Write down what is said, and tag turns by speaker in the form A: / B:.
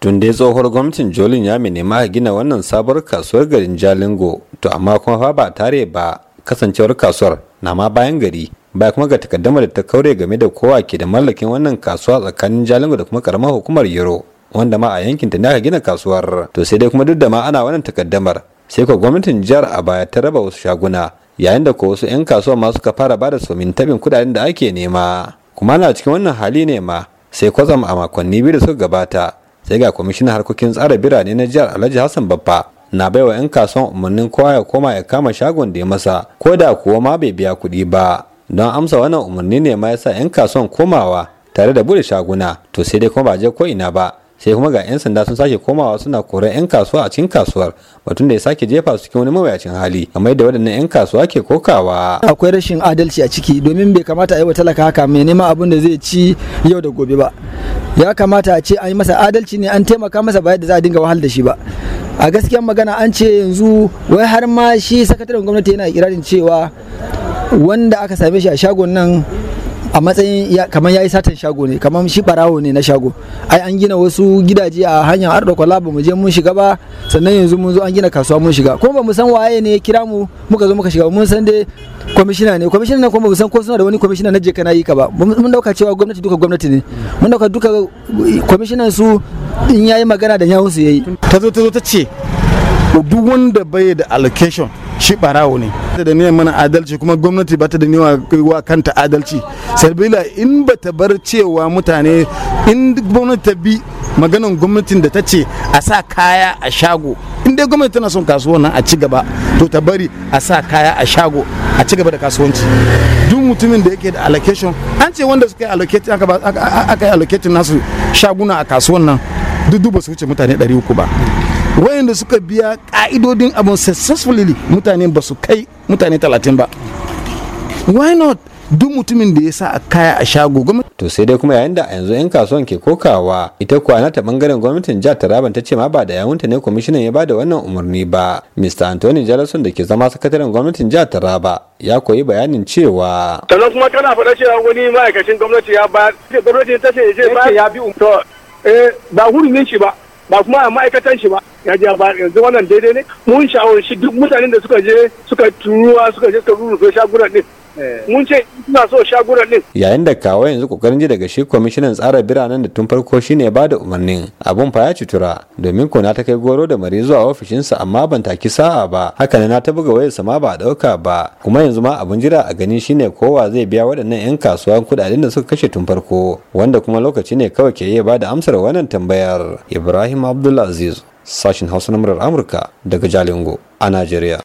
A: tun dai tsohuwar gwamnatin jolin ya nema a gina wannan sabuwar kasuwar garin jalingo to amma kuma fa ba tare ba kasancewar kasuwar na ma bayan gari baya kuma ga takaddama da ta kaure game da kowa ke da mallakin wannan kasuwa tsakanin jalingo da kuma karamar hukumar yoro wanda ma a yankin ta ne aka gina kasuwar to sai dai kuma duk da ma ana wannan takaddamar sai ko gwamnatin jihar a baya ta raba wasu shaguna yayin da ko wasu 'yan kasuwa ma suka fara bada somin tabin kudaden da ake nema kuma na cikin wannan hali ne ma sai kwazam a makonni biyu da suka gabata sai ga kwamishinan harkokin tsara birane na jihar alhaji hassan babba na bai wa 'yan kasuwan umarnin kowa ya koma ya kama shagon da ya masa ko da kuwa ma bai biya kuɗi ba don amsa wannan umarni ne ma yasa 'yan kasuwan komawa tare da bude shaguna to sai dai kuma ba je ko ina ba sai kuma ga 'yan sanda sun sake komawa suna koran 'yan kasuwa a cikin kasuwar batun da ya sake jefa su cikin wani mawuyacin hali kamar da waɗannan 'yan kasuwa ke kokawa
B: akwai rashin adalci a ciki domin bai kamata a yi wa talaka haka mai neman abin da zai ci yau da gobe ba ya kamata a ce an yi masa adalci ne an taimaka masa ba yadda za a dinga wahal da shi ba a gaskiyar magana an ce yanzu wai har ma shi sakataren gwamnati yana kirarin cewa wanda aka same shi a shagon nan a matsayin kamar ya yi satan shago ne kamar shi barawo ne na shago ai an gina wasu gidaje a hanyar arda kwala ba mu je mun shiga ba sannan yanzu mun zo an gina kasuwa mun shiga kuma ba mu san waye ne ya kira mu muka zo muka shiga mun san dai kwamishina ne kwamishina ne kuma ba mu san ko suna da wani kwamishina na je kana yi ka ba mun dauka cewa gwamnati duka gwamnati ne mun dauka duka kwamishinan su in yayi magana da yawun su yayi ta zo ta zo ta ce duk wanda bai da allocation
C: shi barawo ne ta da niyan mana adalci kuma gwamnati ba ta da niyan wa kanta adalci sabila in ba ta bar cewa mutane in gwamnati ta bi maganan gwamnatin da ta ce a sa kaya a shago in dai gwamnati tana son kasuwa nan a ci gaba to ta bari a sa kaya a shago a ci gaba da kasuwanci duk mutumin da yake da allocation an ce wanda suka yi allocating aka yi allocating nasu shaguna a kasuwan nan duk ba su wuce mutane 300 ba wayanda suka biya ka'idodin abin successfully mutane
A: ba su kai mutane talatin ba why not duk mutumin da ya sa a kaya a shago gwamnati. To sai dai kuma yayin da a yanzu 'yan kasuwan ke kokawa ita kuwa ta bangaren gwamnatin jihar Taraban ta ce ma ba da yawunta ne kwamishinan ya bada wannan umarni ba. Mr. Anthony Jalason da ke zama sakataren gwamnatin jihar Taraba ya koyi bayanin cewa.
D: Sannan kuma kana faɗa cewa wani ma'aikacin gwamnati ya ba gwamnati ta ce ya je ba. Ya bi um- to eh ba hurumin shi ba. ba kuma a ma'aikatan shi ba ya ji ba yanzu wannan daidai ne mun shi duk mutanen da suka je suka turuwa suka je suka rurrufe shagunan din Eh. mun ce ina so shagunan din
A: yayin da kawo yanzu kokarin ji daga shi kwamishinan tsara biranen da tun farko shine ba da umarnin abun fa ya cutura domin ko na ta kai goro da mari zuwa ofishinsa amma ban taki sa'a ba haka ne na ta buga wayarsa ma ba dauka ba kuma yanzu ma abun jira a gani shine kowa zai biya waɗannan yan kasuwa kudaden da suka kashe tun farko wanda kuma lokaci ne kawai ke iya ba da amsar wannan tambayar ibrahim abdulaziz sashin hausa na murar amurka daga jalingo a najeriya